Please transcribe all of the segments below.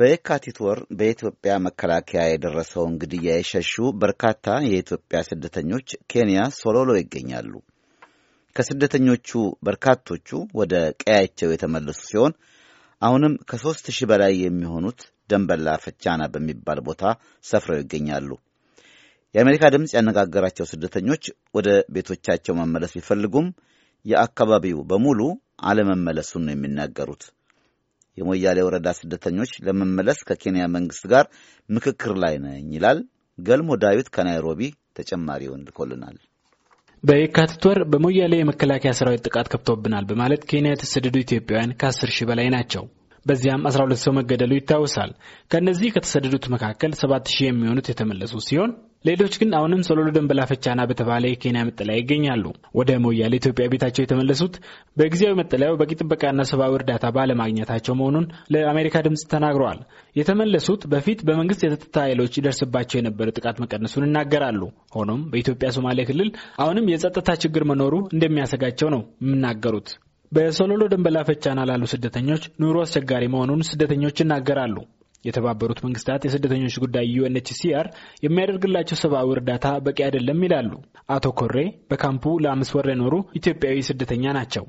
በየካቲት ወር በኢትዮጵያ መከላከያ የደረሰውን ግድያ የሸሹ በርካታ የኢትዮጵያ ስደተኞች ኬንያ ሶሎሎ ይገኛሉ። ከስደተኞቹ በርካቶቹ ወደ ቀያቸው የተመለሱ ሲሆን አሁንም ከሦስት ሺህ በላይ የሚሆኑት ደንበላ ፈቻና በሚባል ቦታ ሰፍረው ይገኛሉ። የአሜሪካ ድምፅ ያነጋገራቸው ስደተኞች ወደ ቤቶቻቸው መመለስ ቢፈልጉም የአካባቢው በሙሉ አለመመለሱን ነው የሚናገሩት። የሞያሌ ወረዳ ስደተኞች ለመመለስ ከኬንያ መንግስት ጋር ምክክር ላይ ነኝ ይላል። ገልሞ ዳዊት ከናይሮቢ ተጨማሪውን ልኮልናል። በየካቲት ወር በሞያሌ የመከላከያ ሰራዊት ጥቃት ከብቶብናል በማለት ኬንያ የተሰደዱ ኢትዮጵያውያን ከ10 ሺህ በላይ ናቸው። በዚያም 12 ሰው መገደሉ ይታወሳል። ከእነዚህ ከተሰደዱት መካከል 7 ሺህ የሚሆኑት የተመለሱ ሲሆን ሌሎች ግን አሁንም ሶሎሎ ደንበላ ፈቻና በተባለ የኬንያ መጠለያ ይገኛሉ። ወደ ሞያሌ ኢትዮጵያ ቤታቸው የተመለሱት በጊዜያዊ መጠለያው በቂ ጥበቃና ሰብአዊ እርዳታ ባለማግኘታቸው መሆኑን ለአሜሪካ ድምፅ ተናግረዋል። የተመለሱት በፊት በመንግስት የጸጥታ ኃይሎች ይደርስባቸው የነበረ ጥቃት መቀነሱን ይናገራሉ። ሆኖም በኢትዮጵያ ሶማሌ ክልል አሁንም የጸጥታ ችግር መኖሩ እንደሚያሰጋቸው ነው የሚናገሩት። በሶሎሎ ደንበላ ፈቻና ላሉ ስደተኞች ኑሮ አስቸጋሪ መሆኑን ስደተኞች ይናገራሉ። የተባበሩት መንግስታት የስደተኞች ጉዳይ ዩኤንኤችሲአር የሚያደርግላቸው ሰብአዊ እርዳታ በቂ አይደለም ይላሉ። አቶ ኮሬ በካምፑ ለአምስት ወር የኖሩ ኢትዮጵያዊ ስደተኛ ናቸው።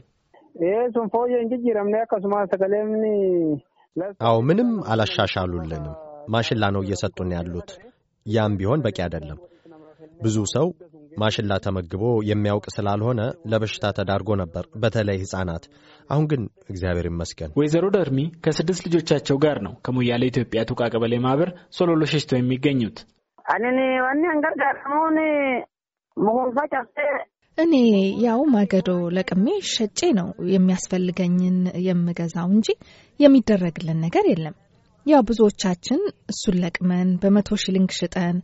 አዎ፣ ምንም አላሻሻሉልንም። ማሽላ ነው እየሰጡን ያሉት። ያም ቢሆን በቂ አይደለም። ብዙ ሰው ማሽላ ተመግቦ የሚያውቅ ስላልሆነ ለበሽታ ተዳርጎ ነበር፣ በተለይ ሕፃናት። አሁን ግን እግዚአብሔር ይመስገን። ወይዘሮ ደርሚ ከስድስት ልጆቻቸው ጋር ነው ከሞያሌ ኢትዮጵያ ቱቃ ቀበሌ ማህበር ሶሎሎ ሸሽቶ የሚገኙት። እኔ ያው ማገዶ ለቅሜ ሸጬ ነው የሚያስፈልገኝን የምገዛው እንጂ የሚደረግልን ነገር የለም። ያው ብዙዎቻችን እሱን ለቅመን በመቶ ሽልንግ ሽጠን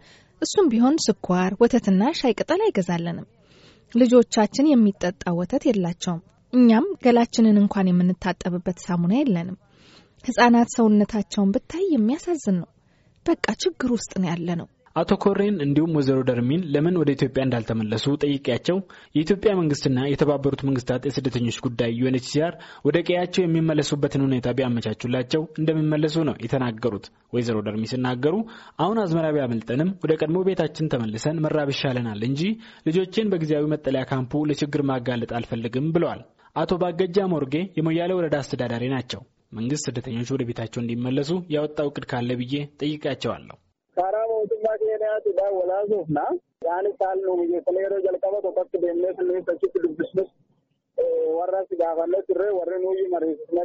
እሱም ቢሆን ስኳር፣ ወተትና ሻይ ቅጠል አይገዛለንም። ልጆቻችን የሚጠጣ ወተት የላቸውም። እኛም ገላችንን እንኳን የምንታጠብበት ሳሙና የለንም። ህጻናት ሰውነታቸውን ብታይ የሚያሳዝን ነው። በቃ ችግር ውስጥ ነው ያለ ነው። አቶ ኮሬን እንዲሁም ወይዘሮ ደርሚን ለምን ወደ ኢትዮጵያ እንዳልተመለሱ ጠይቄያቸው የኢትዮጵያ መንግስትና የተባበሩት መንግስታት የስደተኞች ጉዳይ ዩኤንኤችሲአር ወደ ቀያቸው የሚመለሱበትን ሁኔታ ቢያመቻቹላቸው እንደሚመለሱ ነው የተናገሩት። ወይዘሮ ደርሚ ሲናገሩ አሁን አዝመራ ቢያመልጠንም ወደ ቀድሞ ቤታችን ተመልሰን መራብ ይሻለናል እንጂ ልጆቼን በጊዜያዊ መጠለያ ካምፑ ለችግር ማጋለጥ አልፈልግም ብለዋል። አቶ ባገጃ ሞርጌ የሞያሌ ወረዳ አስተዳዳሪ ናቸው። መንግስት ስደተኞች ወደ ቤታቸው እንዲመለሱ ያወጣው እቅድ ካለ ብዬ ጠይቃቸዋለሁ። Kanaafidha walaasuufna isaanis haala nu biyyeessanii yeroo jalqaba tokkotti deemnee sunis achitti dubbisnus warras gaafanne turre warri nuyi mariisisne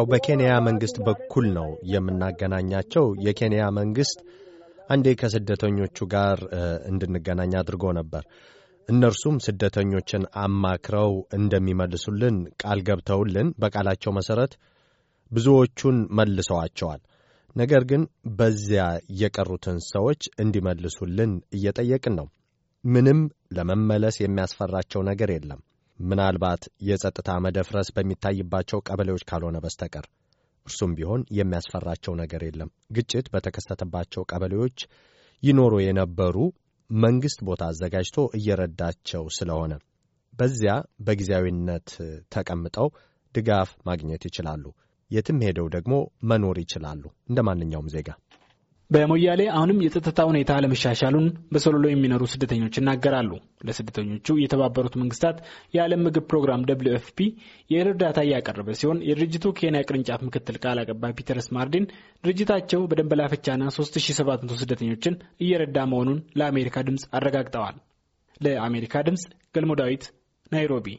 akka isaan ነው የምናገናኛቸው። የኬንያ ጋር እነርሱም ስደተኞችን አማክረው እንደሚመልሱልን ቃል ገብተውልን በቃላቸው መሠረት ብዙዎቹን መልሰዋቸዋል። ነገር ግን በዚያ የቀሩትን ሰዎች እንዲመልሱልን እየጠየቅን ነው። ምንም ለመመለስ የሚያስፈራቸው ነገር የለም፣ ምናልባት የጸጥታ መደፍረስ በሚታይባቸው ቀበሌዎች ካልሆነ በስተቀር። እርሱም ቢሆን የሚያስፈራቸው ነገር የለም። ግጭት በተከሰተባቸው ቀበሌዎች ይኖሩ የነበሩ መንግሥት ቦታ አዘጋጅቶ እየረዳቸው ስለሆነ በዚያ በጊዜያዊነት ተቀምጠው ድጋፍ ማግኘት ይችላሉ። የትም ሄደው ደግሞ መኖር ይችላሉ እንደ ማንኛውም ዜጋ። በሞያሌ አሁንም የጸጥታ ሁኔታ አለመሻሻሉን በሰሎሎ የሚኖሩ ስደተኞች ይናገራሉ። ለስደተኞቹ የተባበሩት መንግስታት የዓለም ምግብ ፕሮግራም ደብሊው ኤፍፒ የእርዳታ እያቀረበ ሲሆን የድርጅቱ ኬንያ ቅርንጫፍ ምክትል ቃል አቀባይ ፒተርስ ማርዲን ድርጅታቸው በደንበላፍቻና 3700 ስደተኞችን እየረዳ መሆኑን ለአሜሪካ ድምፅ አረጋግጠዋል። ለአሜሪካ ድምፅ ገልሞ ዳዊት ናይሮቢ